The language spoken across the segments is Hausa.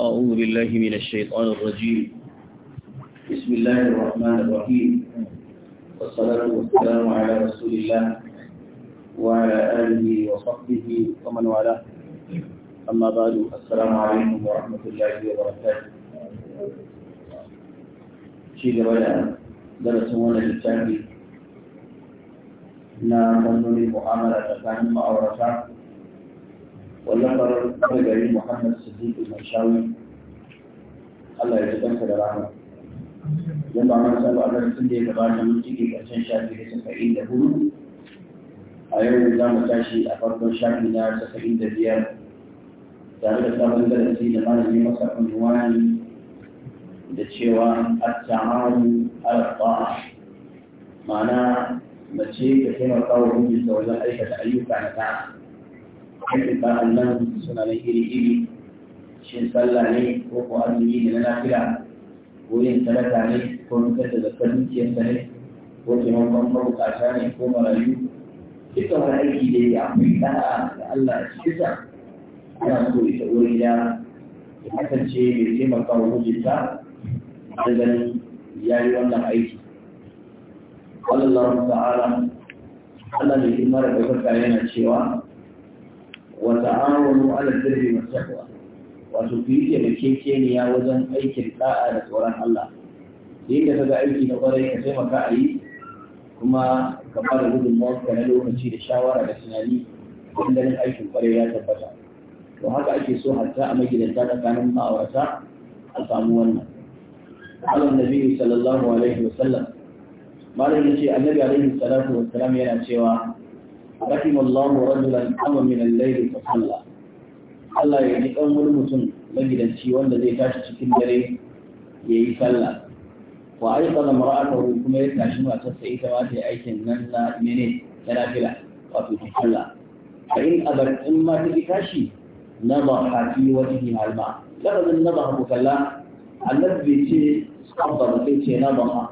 أعوذ بالله من الشيطان الرجيم بسم الله الرحمن الرحيم والصلاة والسلام على رسول الله وعلى آله وصحبه ومن والاه أما بعد السلام عليكم ورحمة الله وبركاته شيخ ولا درسونا للتعبير نعم fannonin mu'amala tsakanin ma'aurata والنظر علي محمد الصديق المشاوي الله يجزاك العافية أيوة، لما من سبع من سندي تبارك من تيجي كشان شادي كسم فاين دبولو أيوة لما تاشي أفضل شادي نار سفين دبيار تعرف سبع من سندي لما نبي مسح نواني دشيوان التعامل على الطاعة معنا مشي كثير قوي من سوى ذلك أيها الأيوب عن التعامل irin ba'an nan suna na iri-iri shin sallah ne ko ko azumi ne na lafiya ko yin sadaka ne ko fitar da zakar dukiyarsa ne ko taimakon mabukata ne ko marayu duka wani aiki da ya akwai da'a da Allah a cikinsa ana so ita wuri da ya kasance mai taimaka wa mijinta da ganin ya yi wannan aiki Allah ta'ala Allah mai himar da kuka yana cewa wa ta'awunu ala birri wa taqwa wato ku yi taimakekeniya wajen aikin da'a da tsoron Allah sai ka ga aiki na kwarai ka taimaka a yi kuma ka ba da gudunmawar ka na lokaci da shawara da tunani ganin aikin kwarai ya tabbata to haka ake so hatta a magidanta tsakanin ma'aurata a samu wannan على النبي صلى الله عليه وسلم ما لم النبي عليه الصلاة والسلام يلا شوى رحم الله رجلا قام من الليل فصلى الله يجي كان wani mutum magidanci wanda zai tashi cikin dare yayi sallah wa aiqana mar'atahu kuma ya tashi matarsa ita ma ta aikin nan na mene na fila, wato ta kalla. fa in abar in ma ta tashi Na ba hafi fi wajhi halma lafazin ku kalla? annabi bai ce sabba sai ce nadaha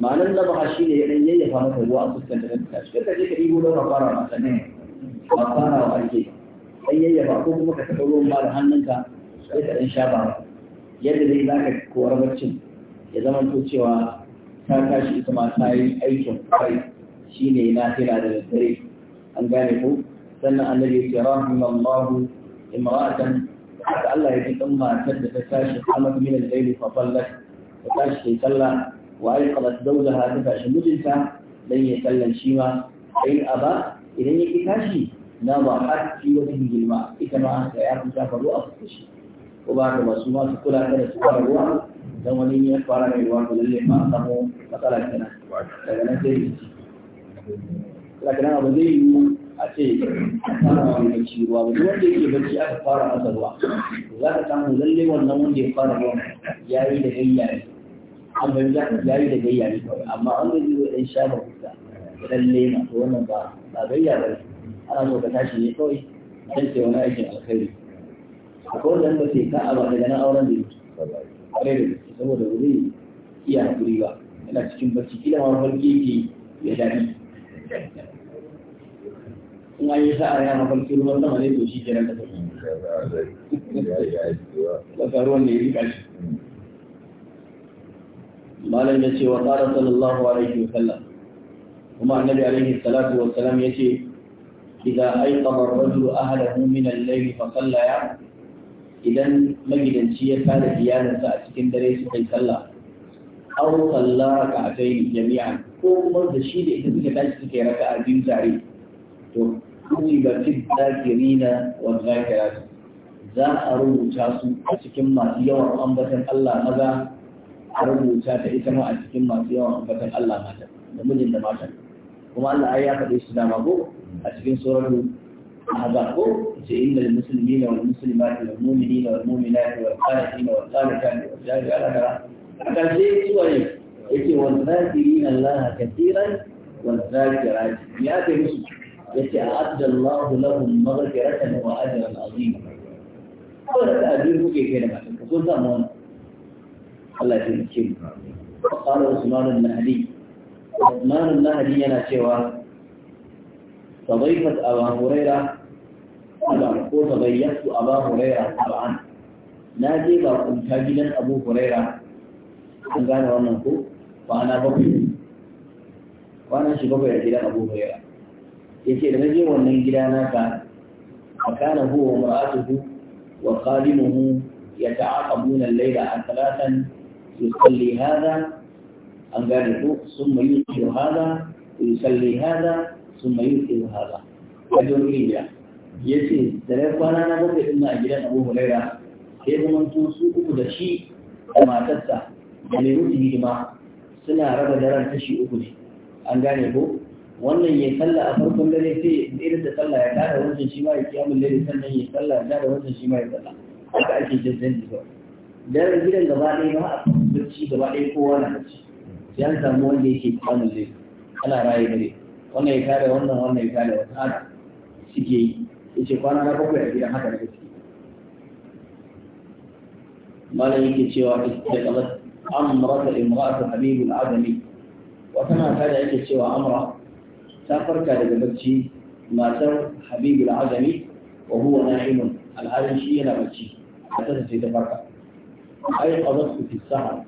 ma'anar labaha shi ne idan yayyafa maka ruwa a fuskan da kanta shi kanta je ka ɗigo don rafara ma sannan rafara wa ake dan yayyafa ko kuma ka taɓa ruwan ba da hannunka sai ka ɗan shafa yadda zai za ka kowar barcin ya zama to cewa ka tashi ita ma ta yi aikin kai shi ne na tana da daddare an gane ko sannan annabi ya ce rahimallahu imra'atan haka Allah ya ji dan matar da ta tashi amal min al-layli fa ballat ta tashi sallah وأيقظت زوجها تفاش مجلسة لن يسلم شيما ma أبى إذن يكتاشي نضحت في a الماء إتما سيعرف سافروا أفتشي وبعد ما سمعت كل هذا سؤال الروح don wani ya fara mai ruwa da lalle ma samu matsala kenan daga nan sai yi daga nan abu zai yi a ce fara mai ci ruwa wani wanda yake bacci aka fara masa ruwa za ka samu lalle wannan wanda ya fara ruwa ya yi da gayya an bai haka ya yi da gayya ne kawai amma an zai zo ɗan shafa kusa da ɗan lema to wannan ba ba gayya ba ne, ana so ka tashi ne kawai dan sai wani aikin alkhairi a akwai wanda ba sai ka ba daga nan auren da yake kwarai da gaske saboda ba zai iya haƙuri ba yana cikin barci kila ma mafarki yake ya daɗi in an yi sa'a yana mafarki ruwan sama ne to shi kenan da ta ruwan da ya rika shi malam ya ce wa ƙara sallallahu alaihi wa sallam kuma annabi alaihi salatu wa salam ya ce idan aikamar rajulu ahalahu min al fa sallaya idan magidanci ya tada iyalinsa a cikin dare su kai sallah aw salla ra'atayn jami'a ko kuma da shi da ita suka tashi suka yi raka'a biyu tare to kutiba fi dhakirina wa dhakirati za a rubuta su a cikin masu yawan ambatan Allah maza a rubuta ta ita ma a cikin masu yawan ambatan Allah mata da mijin da mata kuma Allah ya faɗi su dama ko a cikin suratul ahzab ko ce innal muslimina wal muslimati wal mu'minina wal mu'minati wal qanitina wal qanitati wal shahidina ala nara aka ce suwa ne yake wal zakirina Allah katiran wal zakirati ya kai musu yace a'adda Allah lahum maghfiratan wa ajran azima kawai da abin kuke kai da matan ka so samu wannan Allah ya qala usman an-nahdi usman an-nahdi yana cewa tabayfat aba huraira ala ko tabayyatu aba huraira na je ba kun gidan abu huraira an gane wannan ko kwana bakwai kwanan shi bakwai a gidan abu huraira yace da naje wannan gida naka fakana huwa mar'atuhu wa khadimuhu yata'aqabuna al-layla a thalathan يصلي هذا أن قال ثم يوتر هذا يصلي هذا ثم يوتر هذا أجر إيجا يسي تلقى أنا بقى إما أجلان أبو هريرة كيف من تنسوك da shi da matarsa da mai mutu hidima suna raba daren kashi uku ne an gane ko wannan ya salla a farkon dare sai irin da salla ya kada wancan shi ma ya kiyamun dare sannan ya salla ya kada wancan shi ma ya salla haka ake jin daren gidan gaba ɗaya ba da ci gaba ɗaya kowa na da ci sai an samu wanda yake kwanan zai ana raye dare wannan ya kare wannan wannan ya kare wata haka suke yi ya ce kwana na bakwai a gidan haka daga ciki malam yake cewa istiqalat amrata imra'atu habibul adami wata mata da yake cewa amra ta farka daga bacci matar habibul adami wa huwa na'imun al'adun shi yana bacci a ta ce ta farka ai qadat fi sahar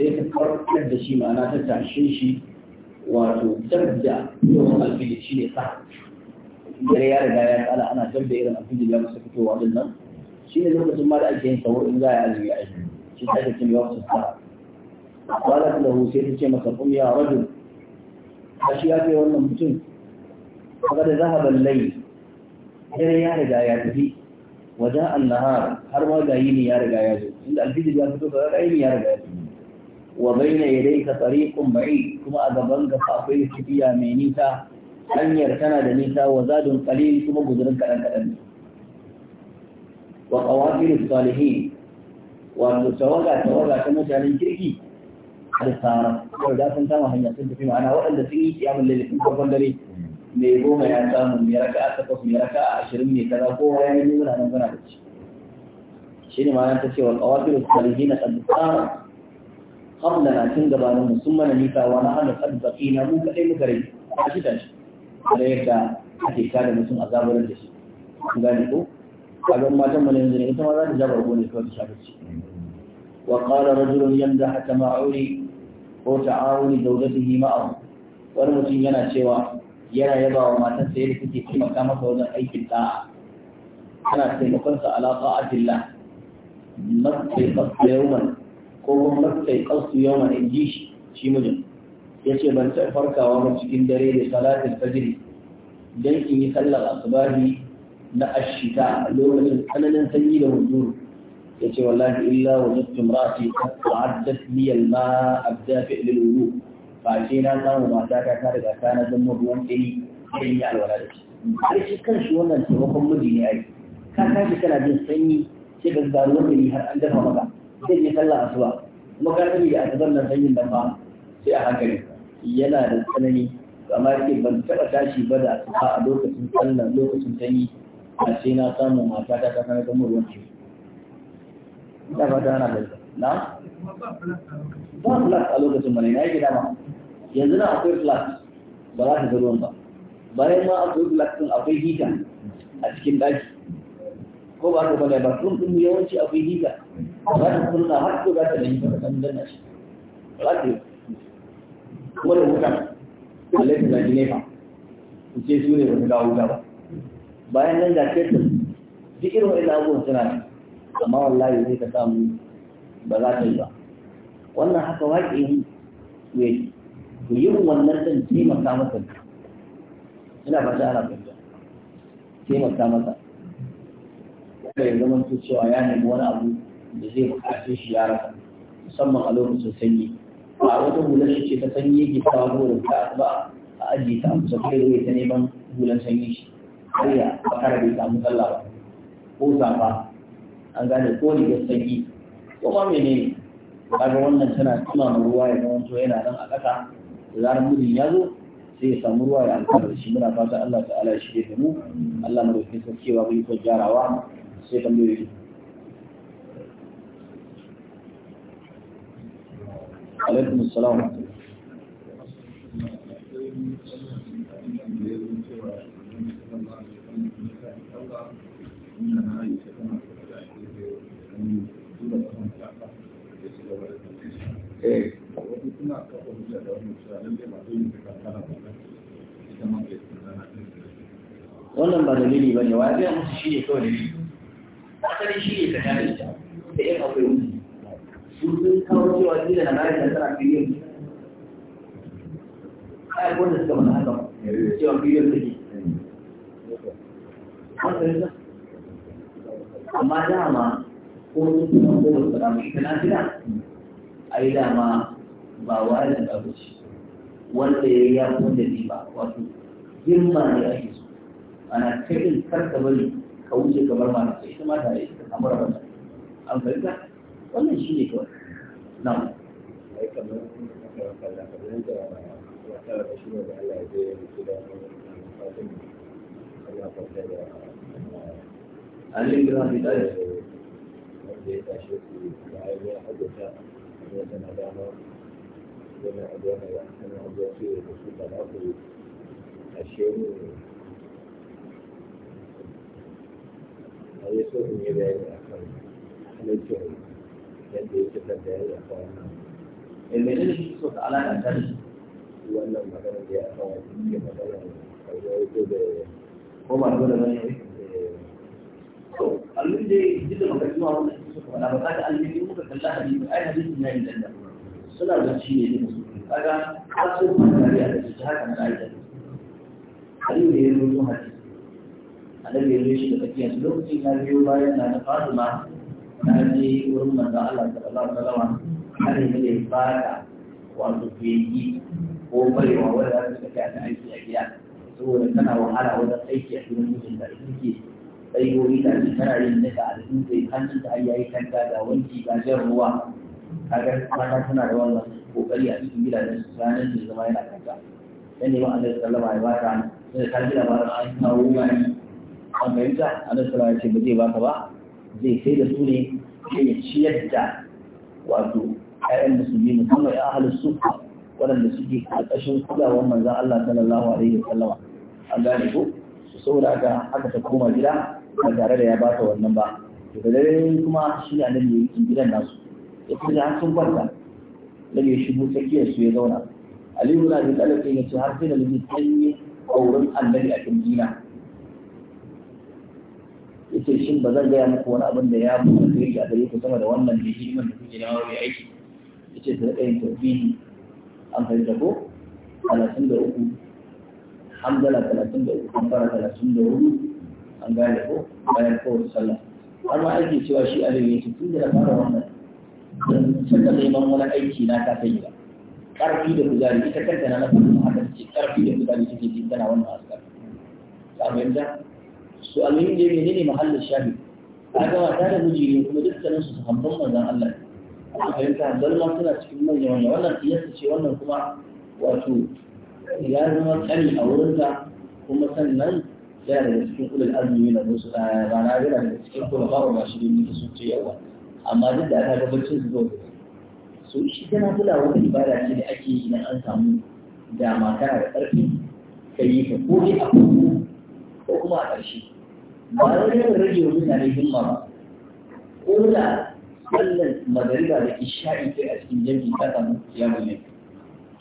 sai ta farkar da shi ma'ana ta tashe shi wato dabda yawan alfili shi ne sa dare ya riga ya tsala ana dabda irin alfili ya masa fitowa din nan shi ne lokacin ma da ake yin sahur in za a yi azumi a yi shi ta ake cewa su sa qalat lahu sai ta ce masa qum ya rajul shi ya ce wannan mutum kaga da zahaban lai dare ya riga ya tafi wajen annahar har ma ga yini ya riga ya zo inda alfili ya fito ga yini ya riga ya wa baina yadayka tariqun ba'id kuma a gaban ka akwai tafiya mai nisa hanyar tana da nisa wa zadun qalil kuma guzurin kadan kadan ne wa qawafil salihin wato tawaga tawaga ta mutanen kirki al-sara da sun kama hanya sun tafi ma'ana waɗanda sun yi kiyamun lalle sun farkon dare mai goma ya samu mai raka a takwas mai raka a ashirin mai kaza kowa ya yi nuna nan gana da shi shi ne ma'ana ta ce wa qawafil salihin al-sara qabla na tun gabanin mu sun mana mika wa na hana kad baqina mu kadai muka rage a shi tashi da yadda ake kada mutum a azabar da shi kun gane ko kaga matan mu ne yanzu ne ita ma za ta jabar gone ko ta shafa ci wa qala rajulun yamdahu tama'uri ko ta auri ta'awuni zawjatihi ma'ahu wani mutum yana cewa yana yaba wa matarsa yadda take taimaka masa wajen aikin da'a ana taimakonsa a ta'atillah mafi fasta yawman ko kuma makai kasu yawan in ji shi shi mijin ya ce ban taɓa farkawa ba cikin dare da salatin fajiri don in yi sallar asubahi na ashita lokacin tsananin sanyi da huzuru ya ce wallahi illa wa zattu ra'ati ta'addat li al-ma abdafi lil wudu Ba ce na samu mata ta ta riga ta na zama ruwan dani sai yi alwala da shi har shi wannan taimakon miji ne ai ka tashi kana jin sanyi sai ka ga ruwan dani har an dafa maka zai yi sallah asuba kuma ka sani da asabar nan sanyin da fa sai a hankali yana da tsanani amma yake ban taɓa tashi ba da asuba a lokacin sallah lokacin sanyi a sai na samu mata ta ta sanar da mu ruwan ciwo ina fata ana da na ba flash a lokacin bane na yi gida dama yanzu na akwai flash ba za ta ga ruwan ba bayan ma akwai flash din akwai hita a cikin ɗaki ko ba ka bane ba sun ɗin yawanci akwai hita wannan sunna har ko za ta nemi ka san danna shi ba za ta yi kuma da wuta Allah ya zaki ku ce su ne ba su ga wuta ba bayan nan da ke duk irin wa'in abubuwan suna ne amma wallahi zai ka samu ba za ta yi ba wannan haka waƙe yi ne ku yi wannan zan taimaka masa ina fata ana fahimta taimaka masa kada ya zama cewa ya nemi wani abu da zai bukaci shi ya rasa musamman a lokacin sanyi ba wata hula shi ce ta sanyi yake kawo burin ta ba a ajiye ta amsa kai ruwa ta neman hulan sanyi shi har ya bakar bai samu sallah ba ko zafa an gane ko ne sanyi ko ma menene kaga wannan tana mu ruwa ya zamanto yana nan a ƙasa da zarar mijin ya zo sai ya samu ruwa ya alfara da shi muna fata Allah ta'ala ya shirya da mu Allah madaukakin sarki cewa bai yi jarawa sai tambayoyi عليكم السلام wannan ba dalili ba ne wa zai musu shi ne kawai dalili asali shi ne ta da yan akwai musu wani cewa shi da nagari da tana biliyon kayan wanda suka mana haka cewa biliyon take amma dama ko sun fi ma ko wasu ramu ita na fina a yi dama ba wani da babuci wanda ya yi ya kunda ne ba wato girma ne ake so ana kai kar ka bari ka wuce kamar ma na ita ma tare ita kamar wannan an fahimta wannan shi ne kawai na Ali bin Abi Talib wanda ya tashi ya hajjata ya tana dama yana abuwa na ya tana abuwa su ya da so in yi a kan yadda ya cika da ya yafa wannan ilmi eh, ne shi so ta alaƙa ta wannan magana da ya yafa wannan ke magana kawai ya ce da ko eh, ba dole ba ne to allun dai duk da zuwa wannan shi so kuma ba ta ga alimi muka kalla hadisi ai hadisi na danda suna da shi ne da su kaga har sun fara da shi haka na aida hadisi ne ya zo hadisi annabi ya zo shi da tsakiyar lokacin ya biyo bayan na da fatima na wurin manzan Allah sallallahu alaihi wasallam har yi ne ba da wato fiye ko barewa wadda za su tafi a aiki a gida saboda tana wahala wadda aiki a cikin mutum da ita ke tsayoyi da ake tana yin daga al'adu zai hannun da ayyayi kanta da wanki ga jan ruwa a ga mata tana da wannan ƙoƙari a cikin gidajen su ranar da zama yana kanta dan neman annabi sallama ya ba bata sai ta ji labarin an kawo wani an fahimta annabi sallama ya ce ba zai ba ka ba zai sai da su ne ya ciyar da wato ƴaƴan musulmi musamman ya ahalus waɗanda suke ƙarƙashin kulawar manzan Allah sallallahu alaihi wa sallama A gane ko saboda haka haka ta koma gida ba tare da ya ba ta wannan ba to da dare kuma shi ne annabi ya yi gidan nasu ya fi da sun kwanta da ya shigo tsakiyar su ya zauna aliyu na da talaka ya ce har sai da nabi sanyi auren annabi a jina. ba zan gaya muku wani abin da ya mu alheri a gare ku sama da wannan da hidiman da kuke nawa mai aiki yace ta rika yin tawbihi an da ko talatin da uku hamdala talatin da uku kamfara talatin da hudu an gane ko bayan kowace sallah har ma cewa shi arewa yace tun da na fara wannan don saka neman wani aiki na ta sanya ƙarfi da kuzari ita kanta na nafi haka ce ƙarfi da kuzari take ji tana wannan askar ta fahimta su almin da menene mahallin shafi kaga mata da miji ne kuma dukkanin su sahabban manzon Allah aka fahimta don ma suna cikin manya manya wannan tiyarsa ce wannan kuma wato ya zama kari a wurinta kuma sannan eh, yana daga cikin ulul azumi na musu rana yana daga cikin kuma babu masu domin da sun ce yawa amma duk da ta gabacin su zo so shi tana kula wata ibada ce da ake yi idan an samu dama kana da ƙarfi ka yi ta ko a farko ko kuma a ƙarshe ba wani yawan rage wa mutane himma ba kola sallar magariba da isha'i kai a cikin jami'i ta samu ya kiyamun ne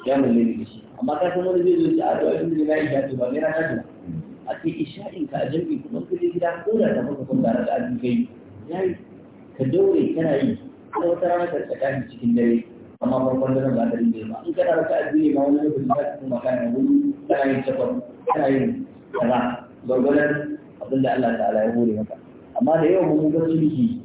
kiyamun ne da shi amma ka san wani zai zo ta ado abin da na isha to ba ne na tashi a ce isha'in ka a jami'i kuma kuɗi gida ko da ta maka kuma tare da abin kai yayi ka daure kana yi kuma wata rana ka tsaka cikin dare amma farkon daren ba daren da ba in kana raka addini ma wani lokaci ka kuma kana wani kana yin takwas kana yin kaza gwargwadon abin da Allah ta'ala ya hore maka amma da yawan mu ga sulhi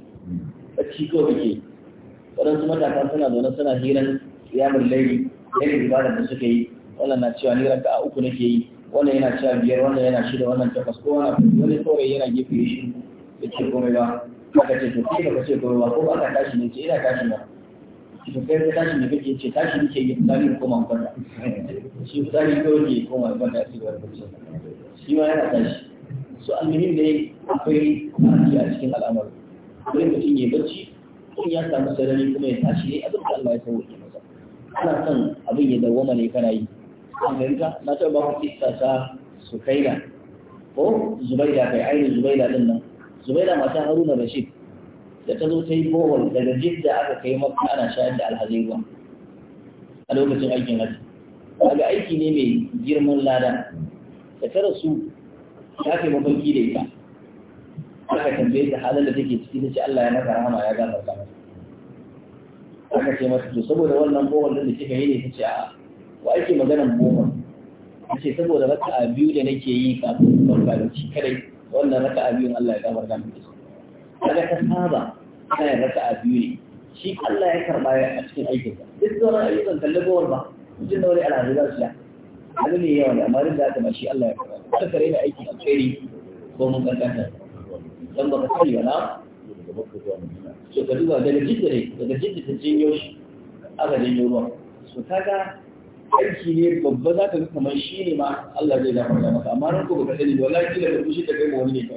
bacci ko kuma ta kan suna zaune suna hiran kiyamun laili yadda ibada da suka yi wannan na cewa ni raka'a uku nake yi wannan yana cewa biyar wannan yana shida wannan takwas ko wani wani saurayi yana gefe shi da ce komai ba aka ce to kai da ce komai ba ko ba ka tashi ne ce ina tashi ba to kai ka tashi ne kake ce tashi ke yi tsari ko man kwanta shi fitari ko ke ko man kwanta shi ba shi ma yana tashi su almuhim dai akwai harshe a cikin al'amari sai mutum ya bacci in ya samu sarari kuma ya tashi ne abin da Allah ya sauwa ke masa ana son abin ya dawoma ne kana yi an fahimta na taɓa ku kista ta na ko da kai ainihin da ɗin nan da mata haruna rashid da ta zo ta yi bohol daga jidda aka kai maka ana shayar da alhazai ruwa a lokacin aikin hajji daga aiki ne mai girman lada da ta rasu ya kai mafarki da ita aka tambaye ta halin da take ciki ta ce Allah ya naka rahama ya gafa mata aka ce masa to saboda wannan bohon da kika yi ne ta ce a wa ake maganan bohon ta ce saboda a biyu da nake yi kafin farka da ci kadai wannan a biyun Allah ya gafa mata su kaga ta saba ana yin a biyu ne shi Allah ya karba a cikin aikinsa duk sauran ayyukan kalle bohol ba mutum da wani alhaji za su yi. abu ne yawa ne amma duk da haka ma shi Allah ya karba kada ka raina aiki a kairi ko mun kankanta dan baka sani ba so ka duba daga jidda ne daga jidda ta jinyo shi aka jinyo ruwa so kaga aiki ne babba za ka ga kamar shi ne ma Allah zai dafa da maka amma ran ko baka sani ba wallahi kila ka kushi da kai ma wani ne ka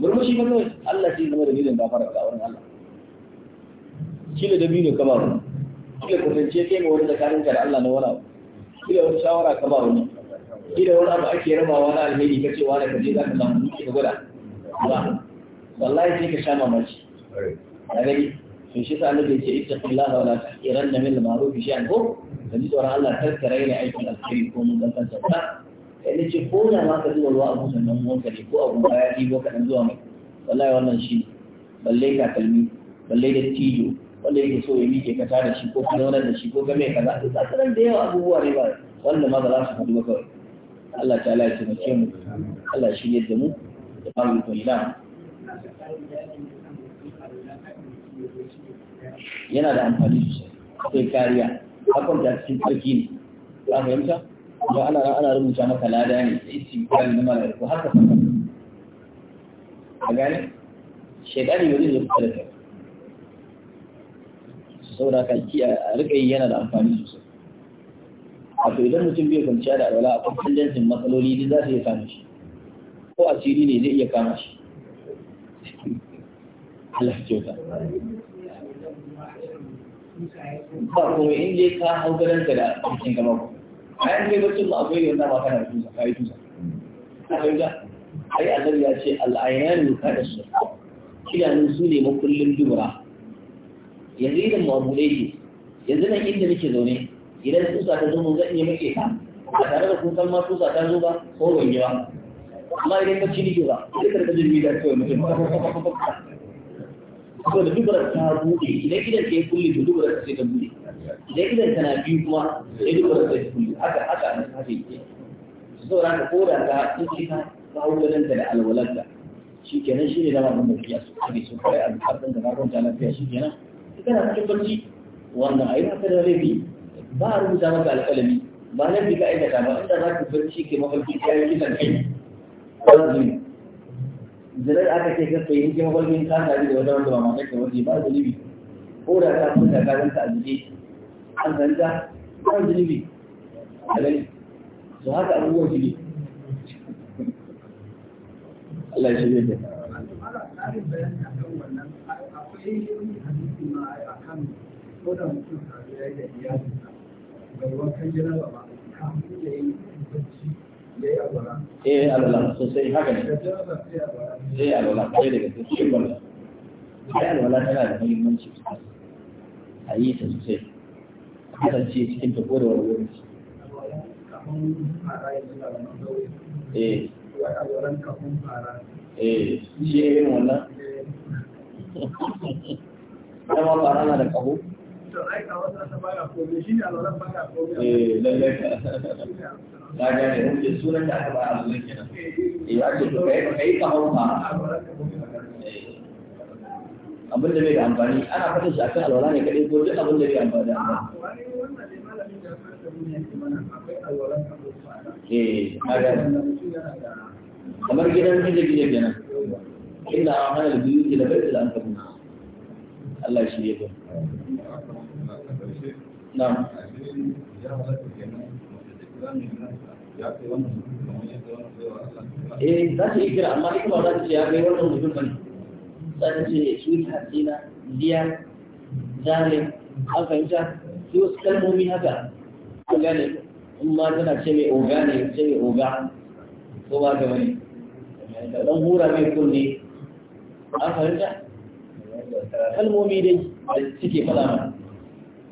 murmushi ba kawai Allah sai zama da gidan gafara ka wurin Allah kila da biyu ka ba wani kila kusance kai ma wani da tsakaninka da Allah na wani abu kila wani shawara ka ba wani ila wani abu ake rabawa na alheri ka ce da kaje za ka samu duki ka gwada ba wallahi sai ka sha mamaci a gani to shi sa ita ce ittaqillaha wa iran taqiranna min al-ma'ruf shay'an ko da ji tsoron Allah tarai ne aikin alheri ko mun gantan sabta kai ne ce ko da ma ka zuwa ruwa abu sannan wanka ne ko abu baya ɗibo ka kaɗan zuwa mai wallahi wannan shi balle ka kalmi balle da tijo wanda yake so ya miƙe ka da shi ko kuma wannan da shi ko game kaza za ka da yawa abubuwa ne ba wanda ma ba za su faɗi ba kawai Allah ta ala ya taimake mu Allah shi ne da mu da ba yi kwalila yana da amfani sosai akwai kariya hakan da cikin tsarki ne za mu yamta ba ana ana rubuta maka lada ne da isi kari na ko haka fata a gane shekari ba zai zo kusa da kai saboda ka ki a rikai yana da amfani sosai wato idan mutum bai kwanciya da alwala akwai tendensin matsaloli duk za su iya kama shi ko asiri ne zai iya kama shi Allah kyauta ba kuma in dai ka hau ka da cikin gaba ku a yan kai bacci ba akwai yau na ba kana da tusa ka yi tusa ka ai annabi ya ce al'ayyanu ka da su kiyanin su ne makullin dubura yanzu idan mu abu ne yanzu nan inda nake zaune idan tusa ta zo mun zan iya muke ta ba tare da kun kalma tusa ta zo ba ko ban yi ba amma idan ka ci nike ba sai ka ta jirgi da kawai mutum ko da dubar ta bude idan idan ka yi kulli to dubar ta sai ta bude idan idan kana biyu kuma sai dubar ta sai kulli haka haka na safe ke so ran ko da ka tuci ka ka nan da alwalarka shi kenan shi ne da wannan mulkiya su kare su kare a bukatun da na kwanta lafiya shi kenan kana cikin barci wannan a yi haka da laifi ba a rubuta maka alƙalami ba nan fi ka aikata ba inda za ka barci ke mafarki ya yi kisan kai ba za su zirar aka ce ka kai yake mafarki ka sari da wata wanda ba ma kake waje ba zunubi ko da ka fita ka zanta a jike an zanta ba zunubi a gani to haka abubuwan su Allah ya shirya da akwai yin hadisi ma a kan ko da mutum ya yi da iyali bai wankan jaraba eh alwala sosai haka ne eh alwala kai daga cikin wannan tana da muhimmanci a yi ta sosai kasance cikin ta kodewar wurin eh eh shi irin wannan dama fara na da kaho eh lallai ka da ba a zuwa to eh, eh, ka eh, amfani ana fata shi akan alwala ne kadai ko duk abin da amfani da amfani ah, eh kamar gidan gida gida kenan inda amana da biyu da bai da an Allah shi ya E eh za ta yi kira amma ce ya kai wannan za ta ce eh, an fahimta shi wasu kalmomi haka an gane tana ce mai oga ne ce mai oga ko ba ga wani dan hura mai kunne an fahimta kalmomi dai da suke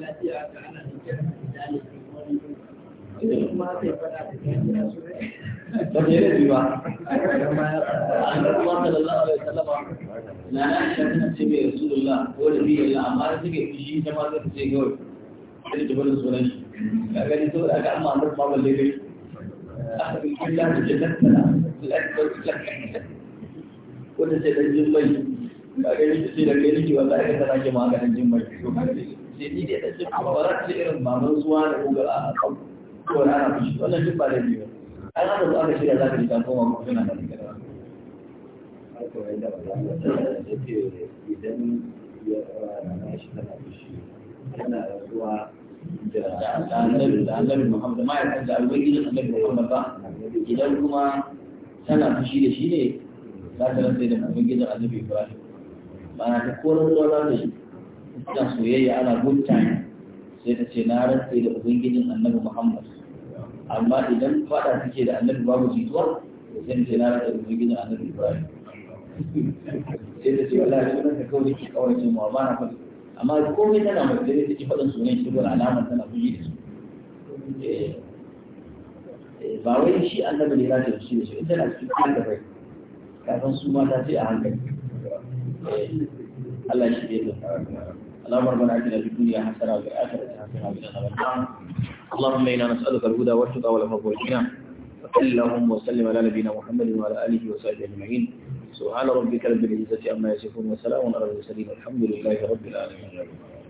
ba da yare ba annabi kuma sallallahu alaihi wasallam na na kan ce bai rasulullah ko da bi Allah amma da suke fushi da ma zai ce gawai sai da bada sunan shi ka gani to da ga amma annabi ba balle bai akwai killa da jannata lafiya ko da sai dan jin bai ka gani sai da kai ne ki wallahi ka tana ki maganin jin bai to ka gani da irin a idan kuma tana fushi da shi ne za ta rantsa da annabi Ibrahim ba na ta zuwa za ta suna soyayya ana good sai ta ce na rantse da ubangijin annabi muhammad amma idan fada take da annabi babu jituwa sai ta ce na rantse da ubangijin annabi ibrahim sai ta ce wallahi sunan ka kawai ke kawai ce mu ba na faɗi amma komai tana mai ta ce faɗin sunan shi gura alamar tana fushi da su eh, eh, ba wai shi annabi ne za ta fushi da shi, ita na cikin da bai kafin su mata sai a hankali eh, Allah shi ne ya اللهم ربنا اتنا في الدنيا حسنه وفي الاخره حسنه وقنا عذاب النار اللهم انا نسالك الهدى والتقى والعفو والغنى وصل اللهم وسلم على نبينا محمد وعلى اله وصحبه اجمعين سبحان ربك رب العزه عما يصفون وسلام على المرسلين والحمد لله رب العالمين